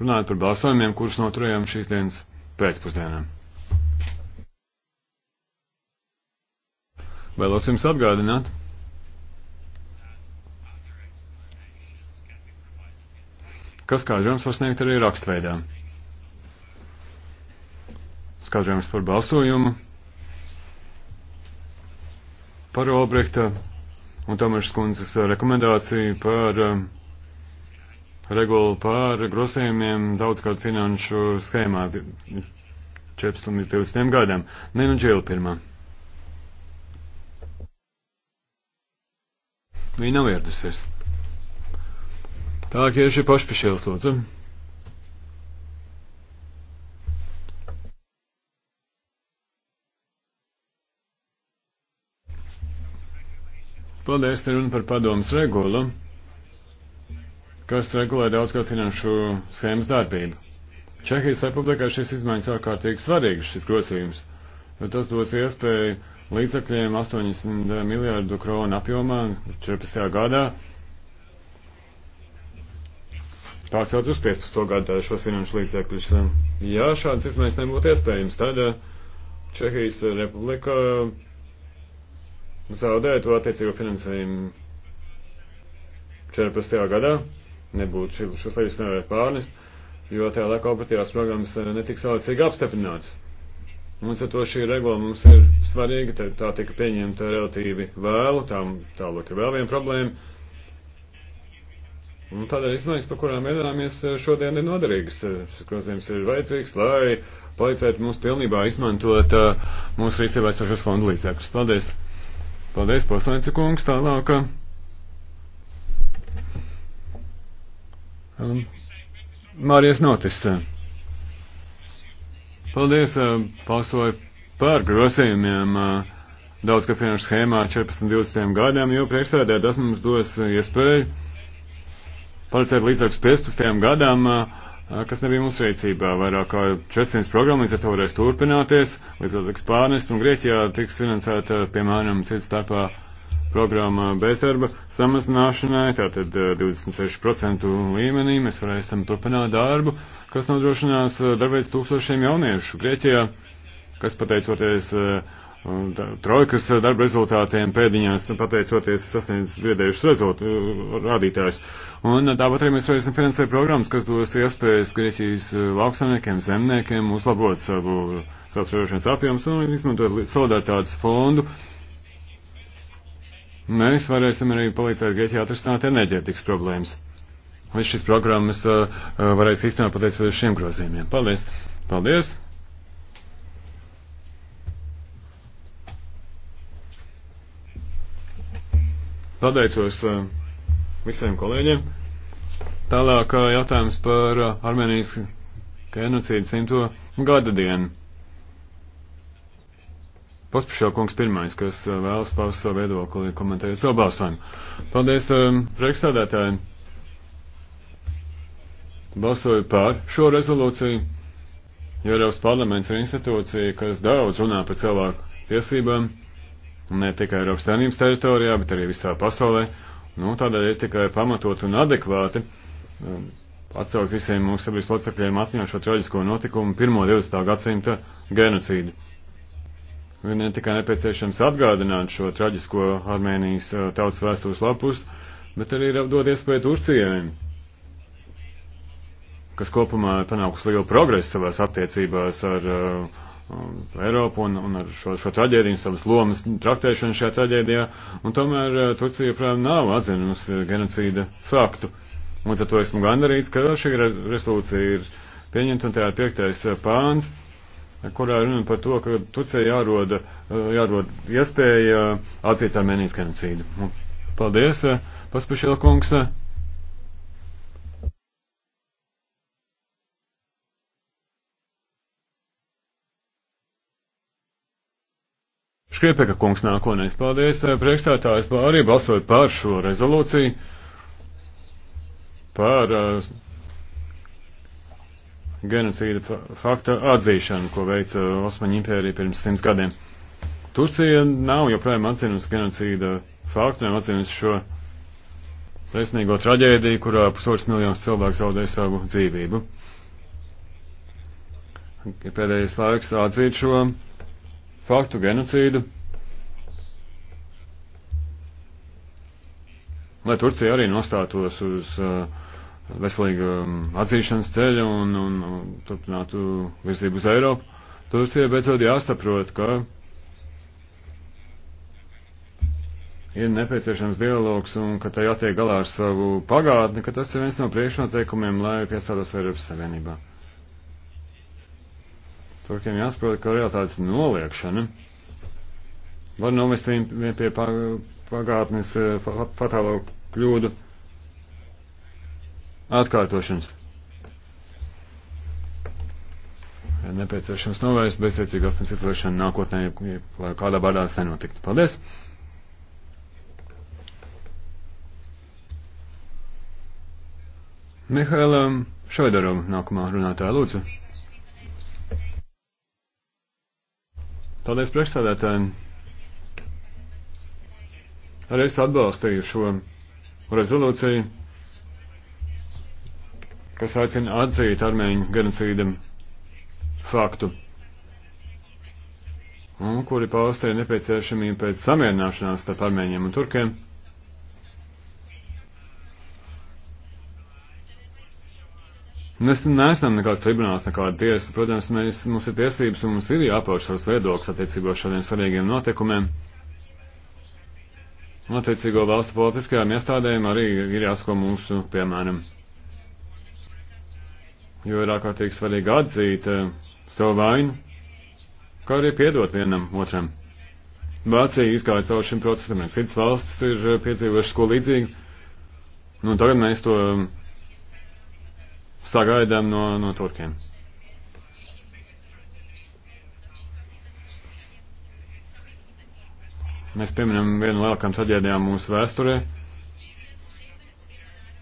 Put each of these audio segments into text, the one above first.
runājot par balsojumiem, kurus noturējām šīs dienas pēcpusdienā. Vēlos jums atgādināt, kas skaidrojums var sniegt arī rakstveidā. Skaidrojums par balsojumu, par Olbrehta un Tomašas kundzes rekomendāciju par uh, regulu par grozījumiem daudzkārt finanšu schēmā 14 līdz 20 gadiem. Nina nu, Džēla pirmā. Viņa nav ieradusies. Tā ir šī pašpišēls lūdzu. Paldies, te runa par padomas regulu kas regulē daudzgad finanšu schēmas darbību. Čehijas republikā šis izmaiņas ārkārtīgi svarīgs, šis grozījums, jo tas dos iespēju līdzakļiem 80 miljārdu kronu apjomā 14. gadā pārcelt uz 15. gadu šos finanšu līdzekļus. Ja šādas izmaiņas nebūtu iespējams, tad eh, Čehijas republika zaudētu attiecīgo finansējumu 14. gadā nebūtu šos leģus nevarētu pārnest, jo tajā laikā operatīvās programmas eh, netiks vēlēcīgi apstiprinātas. Mums ar to šī regula mums ir svarīga, tā, tā tika pieņemta relatīvi vēlu, tā, tālāk ir vēl viena problēma. Un tādēļ izmaiņas, par kurām vienāmies eh, šodien, ir noderīgas. Eh, šis grozījums ir vajadzīgs, lai palīdzētu mums pilnībā izmantot uh, mūsu rīcībā esošos fondu līdzekļus. Paldies! Paldies, poslanci kungs, tālāk. Um, Mārijas notis. Paldies, balsoju par grozījumiem daudz ka finanšu schēmā 14-20 gadiem, jo priekšstādē tas mums dos iespēju palicēt līdzekļus 15 gadām, kas nebija mūsu rīcībā. Vairāk kā 400 programmas, ja to varēs turpināties, līdz tā tiks pārnest, un Grieķijā tiks finansēta, piemēram, cits starpā programma bezdarba samazināšanai, tātad 26% eh, līmenī mēs varēsim turpināt darbu, kas nodrošinās eh, darbveids tūkstošiem jauniešu Grieķijā, kas pateicoties eh, trojkas darba rezultātiem pēdiņās, nu, pateicoties sasniedz viedējušas rezultu rādītājus. Un tāpat arī mēs varēsim finansēt programmas, kas dos iespējas Grieķijas lauksaimniekiem, zemniekiem uzlabot savu savu ražošanas apjoms un izmantot solidaritātes fondu mēs varēsim arī palīdzēt Grieķijai atrisināt enerģētikas problēmas. Viss šis programmas uh, uh varēs īstenot pateicoties šiem grozījumiem. Paldies! Paldies! Pateicos uh, visiem kolēģiem. Tālāk uh, jautājums par uh, Armēnijas genocīdu simto gada dienu. Pospišā kungs pirmais, kas eh, vēlas paust savu viedokli, komentējot savu balsojumu. Paldies, eh, priekšstādētāji. Balsoju pār šo rezolūciju, jo Eiropas parlaments ir institūcija, kas daudz runā par cilvēku tiesībām, ne tikai Eiropas saimnības teritorijā, bet arī visā pasaulē. Nu, tādēļ ir tikai pamatot un adekvāti eh, atsaukt visiem mūsu sabiedrības locekļiem atmiņā šo traģisko notikumu pirmo 20. gadsimta genocīdu ne tikai nepieciešams atgādināt šo traģisko Armēnijas eh, tautas vēstures lapus, bet arī dod iespēju Turcijai, kas kopumā ir panākusi lielu progresu savās attiecībās ar uh, Eiropu un, un ar šo, šo traģēdiju, savas lomas traktēšanu šajā traģēdijā, un tomēr uh, Turcija joprojām nav atzinusi genocīda faktu. Un ar to esmu gandarīts, ka šī rezolūcija ir pieņemta un tajā ir piektais pāns. Uh, kurā runa par to, ka Turcija jāroda, eh, jārod iespēja eh, atzīt Armēnijas genocīdu. Paldies, eh, Paspašēla kungs. Škriepeka kungs nākotnēs. Paldies, priekšstātājs, arī balsot par šo rezolūciju, par uh, genocīda fakta atzīšanu, ko veica Osmaņu impērija pirms simts gadiem. Turcija nav joprojām atzinusi genocīda faktu, nav atzinusi šo taisnīgo traģēdiju, kurā pusotrs miljons cilvēku zaudēja savu dzīvību. Pēdējais laiks atzīt šo faktu genocīdu. Lai Turcija arī nostātos uz uh, veselīgu um, atzīšanas ceļu un, un, un turpinātu virzību uz Eiropu. Turcija beidzot jāsaprot, ka ir nepieciešams dialogs un ka tā jātiek galā ar savu pagātni, ka tas ir viens no priekšnoteikumiem, lai piestātos Eiropas Savienībā. Turkiem jāsaprot, ka realitātes noliekšana var novest viņiem pie pagātnes eh, fatālo kļūdu atkārtošanas. Nepieciešams novērst beztiecīgās izliešanu nākotnē, lai kādā bādā tas nenotiktu. Paldies! Mihailam Šaidaram nākamā runātāja lūdzu. Paldies priekšstādātājiem. Arī es atbalstīju šo rezolūciju kas aicina atzīt armēņu genocīdu faktu, un kuri paustē nepieciešamību pēc samierināšanās starp armēņiem un turkiem. Mēs neesam nekāds tribunāls, nekāda tiesa. Protams, mēs, mums ir tiesības un mums ir jāpauž savs viedoklis attiecībā šādiem svarīgiem notikumiem. Attiecīgo valstu politiskajām iestādēm arī ir jāsako mūsu piemēram jo ir ārkārtīgi svarīgi atzīt uh, savu vainu, kā arī piedot vienam otram. Vācija izgāja cauri šim procesam, un citas valstis ir eh, piedzīvojušas ko līdzīgu. Nu, tagad mēs to eh, sagaidām no, no turkiem. Mēs pieminam vienu lielākām traģēdijām mūsu vēsturē.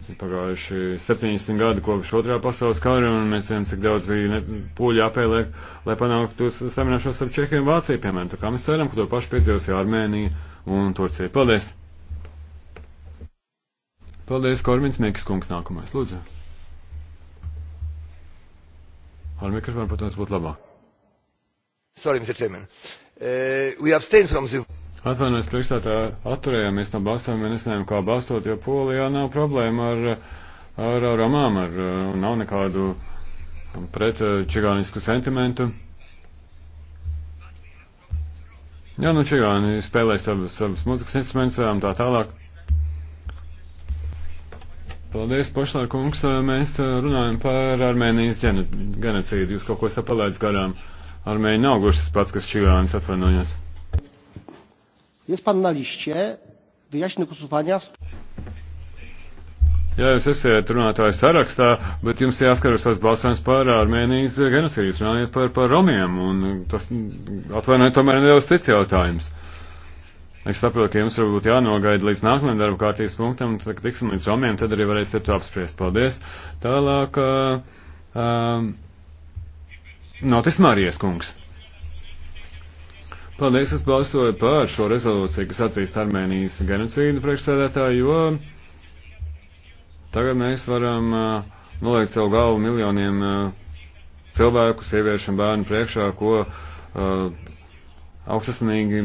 Pagājuši 70 gadi kopš otrā pasaules kara, un mēs zinām, cik daudz bija pūļu apēlē, lai panāktu samināšanos ar Čehiju un Vāciju, piemēram. Tā kā mēs ceram, ka to pašu piedzīvos Armēnija un Turcija. Paldies! Paldies, Korvins Mekis kungs nākamais, lūdzu. Ar mikrofonu, protams, būtu labāk. Sorry, Mr. Chairman. Uh, we abstain from the... Atvainojos priekšstādā atturējāmies no balsojuma, mēs nezinājām, kā balstot, jo Polijā nav problēma ar, ar, ar romām, ar, nav nekādu pret eh, čigānisku sentimentu. Jā, nu čigāni spēlē savus, savus mūzikas instrumentus un tā tālāk. Paldies, Pošlār kungs. Mēs runājam par Armēnijas genocīdu. Jūs kaut ko sapalēdz garām. Armēņi nav gluži tas pats, kas čigānis atvainojās. Jest pan na liście. Wyjaśnię głosowania. Jā, jūs esat runātājs sarakstā, bet jums jāskatās savs balsojums par Armēnijas genocīdu, runājot par, par romiem, un tas atvainojiet tomēr nedaudz cits jautājums. Es saprotu, ka jums varbūt jānogaida līdz nākamajam darba kārtības punktam, tad, kad tiksim līdz romiem, tad arī varēsiet to apspriest. Paldies. Tālāk, uh, um, Notis Marijas kungs. Paldies, es balsoju par šo rezolūciju, kas atzīst Armēnijas genocīdu priekšstādētāju, jo tagad mēs varam uh, noliekt savu galvu miljoniem uh, cilvēku, sieviešu un bērnu priekšā, ko uh, augstasnīgi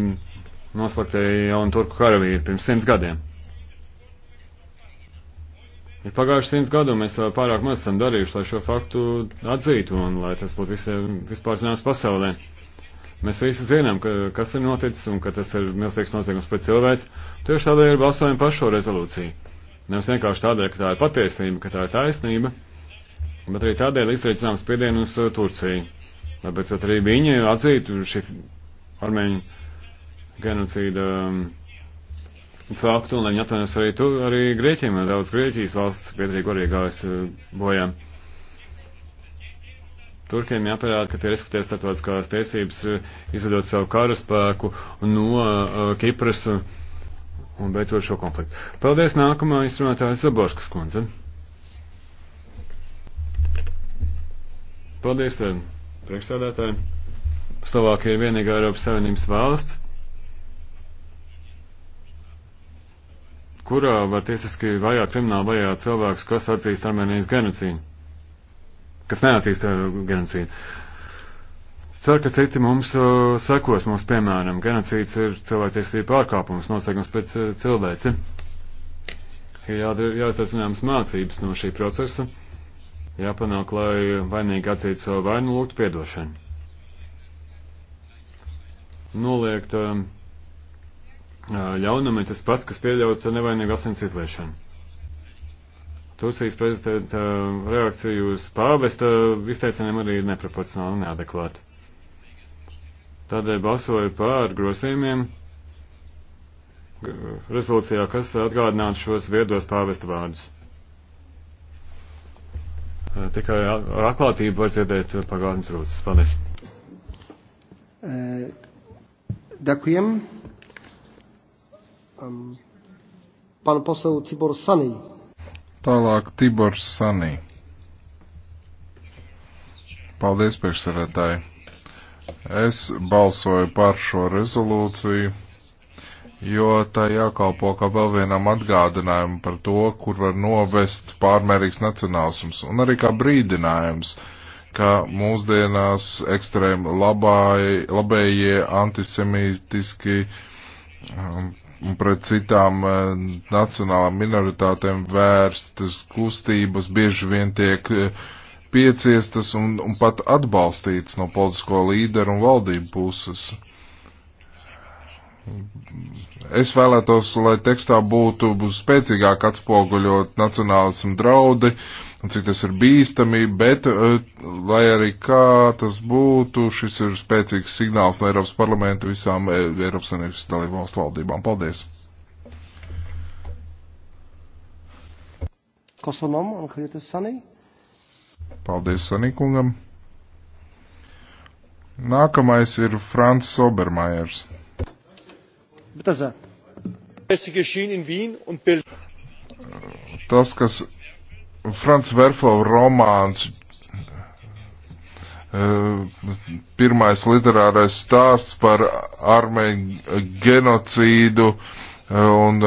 noslaktēja jaunu turku karavīri pirms simts gadiem. Ir pagājuši simts gadu, un mēs pārāk maz esam darījuši, lai šo faktu atzītu un lai tas būtu visiem vispār zināms pasaulē. Mēs visi zinām, ka, kas ir noticis un ka tas ir milzīgs noziegums pret cilvēks. Tieši tādēļ ir balsojumi par šo rezolūciju. Nevis vienkārši tādēļ, ka tā ir patiesība, ka tā ir taisnība, bet arī tādēļ izveicinām spiedienu uz uh, Turciju. Tāpēc, ka arī viņi atzītu šī armēņu genocīda um, faktu, un lai viņi atvainojas arī, tu, arī Grieķiem, daudz Grieķijas valsts pietrīgu arī gājas uh, bojā. Uh, Turkiem jāparāda, ka tie respektē starptautiskās tiesības, eh, izvedot savu karaspēku no uh, Kipras un, un beidzot šo konfliktu. Paldies, nākamā izrunātāja Zaborskas kundze. Paldies, eh, priekšstādātāji. Slovākija ir vienīgā Eiropas Savienības valsts, kurā var tiesiski vajāt krimināli vajāt cilvēkus, kas atzīst Armēnijas genocīdu kas neatzīst eh, genocīdu. Ceru, ka citi mums uh, sekos mūsu piemēram. Genocīds ir cilvēktiesība pārkāpums, noslēgums pēc uh, eh, cilvēci. Ir jā, jāizdara zināmas mācības no šī procesa. Jāpanāk, lai vainīgi atzītu savu vainu, lūgtu piedošanu. Noliegt uh, ļaunumi tas pats, kas pieļaut nevainīgu asins izliešanu. Turcijas prezidenta reakcija uz pāvesta izteiciniem arī ir neproporcionāli un neadekvāta. Tādēļ balsoju pār grozījumiem rezolūcijā, kas atgādinātu šos viedos pāvesta vārdus. Tikai ar atklātību var dzirdēt pagātnes rūtas. Paldies. Ďakujem. Um, pán posel Tibor Sanej. Tālāk Tibors Sanī. Paldies, priekšsarētāji. Es balsoju par šo rezolūciju, jo tā jākalpo kā vēl vienam atgādinājumam par to, kur var novest pārmērīgs nacionālisms, un arī kā brīdinājums, ka mūsdienās ekstrēmi labējie antisemītiski um, un pret citām eh, nacionālām minoritātēm vērstas kustības bieži vien tiek eh, pieciestas un, un pat atbalstītas no politisko līderu un valdību puses. Uh, Es vēlētos, lai tekstā būtu spēcīgāk atspoguļot nacionālismu draudi un cik tas ir bīstami, bet, eh, lai arī kā tas būtu, šis ir spēcīgs signāls no Eiropas parlamenta visām eh, Eiropas Savienības dalību valstu valdībām. Paldies! Paldies Sanīkungam. Nākamais ir Frants Obermajers. Tas, kas Frants Verfo romāns, pirmais literārais stāsts par armēņu genocīdu un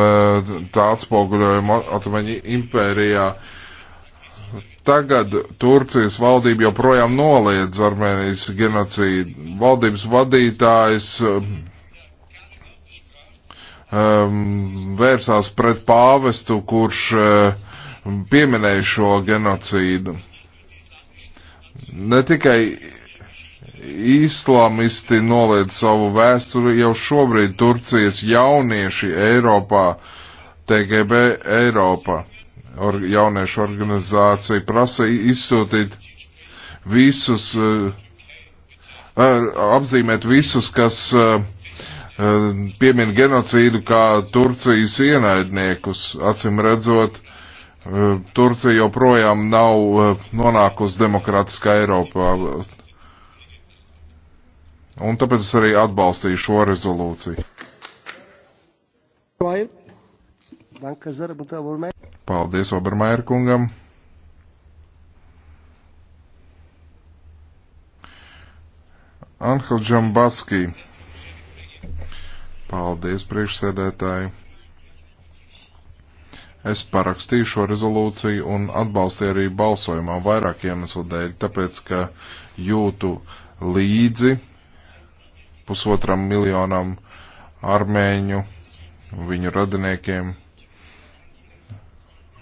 tā atspoguļojumu Otomaņu impērijā. Tagad Turcijas valdība joprojām noliedz Armēnijas genocīdu. Valdības vadītājs um, vērsās pret pāvestu, kurš uh, pieminēja šo genocīdu. Ne tikai islamisti noliedz savu vēsturi, jau šobrīd Turcijas jaunieši Eiropā, TGB Eiropa, or, jauniešu organizācija prasa izsūtīt visus, uh, uh apzīmēt visus, kas uh, Ehm, piemin genocīdu kā Turcijas ienaidniekus. Acim redzot, ehm, Turcija joprojām nav ehm, nonākusi demokrātiskā Eiropā. Un tāpēc es arī atbalstīju šo rezolūciju. Paldies Obermaier kungam. Anhel Džambaski Paldies, priekšsēdētāji. Es parakstīju šo rezolūciju un atbalstīju arī balsojumā vairāk iemeslu dēļ, tāpēc, ka jūtu līdzi pusotram miljonam armēņu, viņu radiniekiem,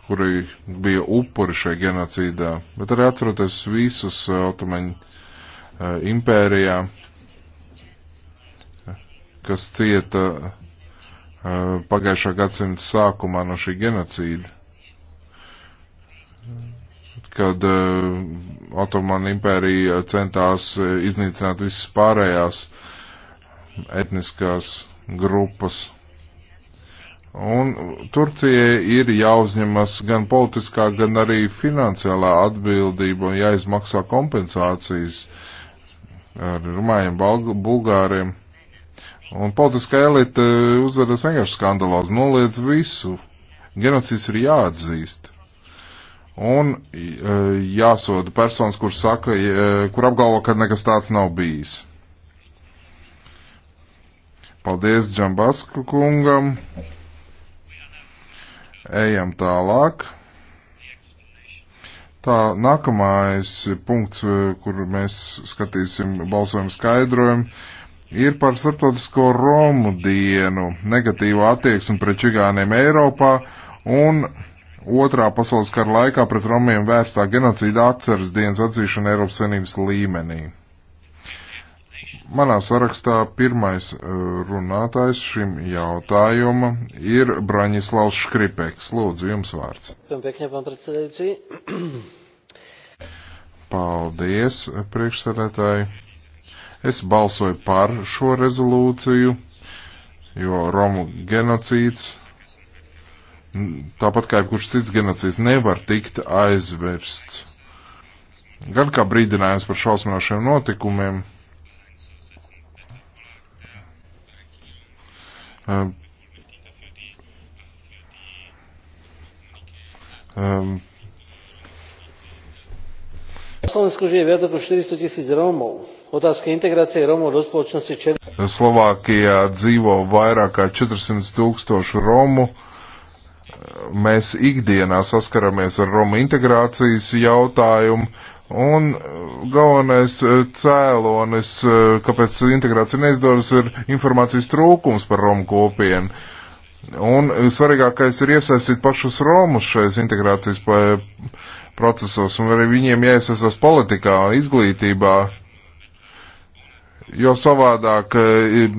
kuri bija upuri šai genocīdā, bet arī atceroties visus uh, otomaņu uh, impērijā, kas cieta uh, pagājušā gadsimta sākumā no šī genocīda, kad uh, Otomana impērija centās iznīcināt visas pārējās etniskās grupas. Un Turcijai ir jāuzņemas gan politiskā, gan arī finansiālā atbildība un jāizmaksā kompensācijas ar rumājiem, bulgāriem. Un politiskā elite uzvedas vienkārši skandalās, noliedz visu. Genocīds ir jāatzīst. Un e, jāsoda personas, kur saka, e, kur apgalvo, ka nekas tāds nav bijis. Paldies Džambasku kungam. Ejam tālāk. Tā nākamais punkts, e, kur mēs skatīsim balsojumu skaidrojumu ir par starptautisko Romu dienu, negatīvo attieksmi pret čigāniem Eiropā un otrā pasaules kara laikā pret Romiem vērstā genocīda atceras dienas atzīšana Eiropas Savienības līmenī. Manā sarakstā pirmais uh, runātājs šim jautājuma ir Braņislavs Škripeks. Lūdzu, jums vārds. Paldies, priekšsēdētāji. Es balsoju par šo rezolūciju, jo Romu genocīds, tāpat kā jebkurš cits genocīds, nevar tikt aizvērsts. Gan kā brīdinājums par šausminošiem notikumiem, ehm, ehm, Na Slovensku žije viac ako 400 tisíc Rómov Otázka integrācija Romov do spoločnosti Čer... Slovākijā dzīvo vairāk kā 400 tūkstošu Romu. Mēs ikdienā saskaramies ar Romu integrācijas jautājumu. Un galvenais eh, cēlonis, eh, kāpēc integrācija neizdodas, ir informācijas trūkums par Romu kopienu. Un svarīgākais ir iesaistīt pašus Romus šajās integrācijas procesos, un arī viņiem jāiesaistās politikā, izglītībā, jo savādāk eh,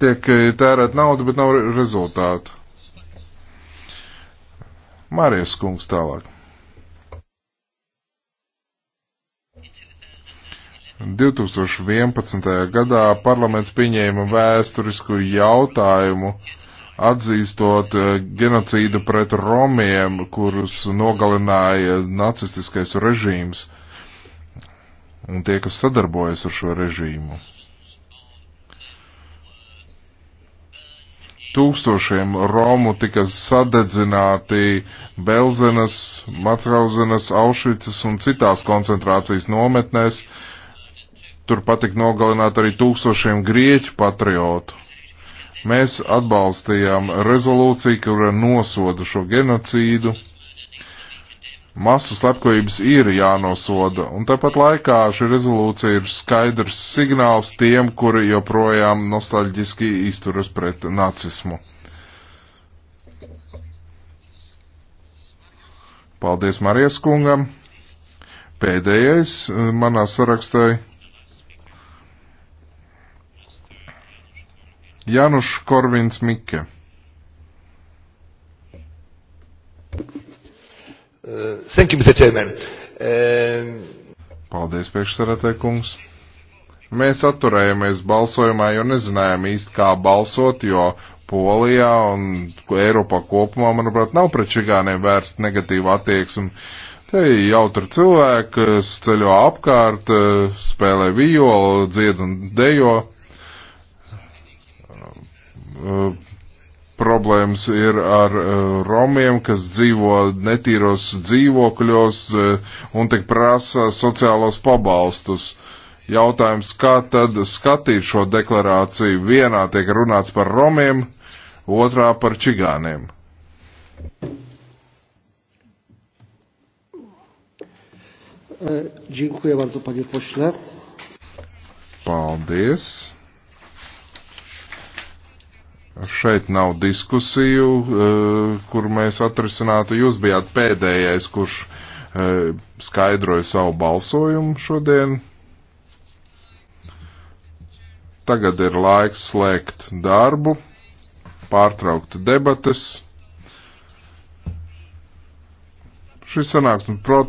tiek eh, tērēt naudu, bet nav rezultātu. Mārijas kungs tālāk. 2011. gadā parlaments pieņēma vēsturisku jautājumu atzīstot eh, genocīdu pret romiem, kurus nogalināja nacistiskais režīms un tie, kas sadarbojas ar šo režīmu. tūkstošiem Romu tika sadedzināti Belzenas, Matrauzenas, Aušvicas un citās koncentrācijas nometnēs. Turpat tika nogalināti arī tūkstošiem grieķu patriotu. Mēs atbalstījām rezolūciju, kura nosoda šo genocīdu Masu slepkavības ir jānosoda, un tāpat laikā šī rezolūcija ir skaidrs signāls tiem, kuri joprojām nostalģiski izturas pret nacismu. Paldies Marijas kungam. Pēdējais eh, manā sarakstā Januš Korvins Mikke. Uh, thank you, Mr. Chairman. Um, Paldies, priekšsarātē kungs. Mēs atturējāmies balsojumā, jo nezinājām īsti, kā balsot, jo Polijā un Eiropā kopumā, manuprāt, nav pret čigāniem vērsts negatīva attieksme. Te jautri cilvēki, kas ceļo apkārt, spēlē violu, dzied un dejo. Uh, problēmas ir ar eh, romiem, kas dzīvo netīros dzīvokļos eh, un tik prasa sociālos pabalstus. Jautājums, kā tad skatīt šo deklarāciju? Vienā tiek runāts par romiem, otrā par čigāniem. E, dziękuję bardzo, panie pośle. Paldies. Šeit nav diskusiju, e, kur mēs atrisinātu. Jūs bijāt pēdējais, kurš e, skaidroja savu balsojumu šodien. Tagad ir laiks slēgt darbu, pārtraukt debates. Šis sanāksme, protams,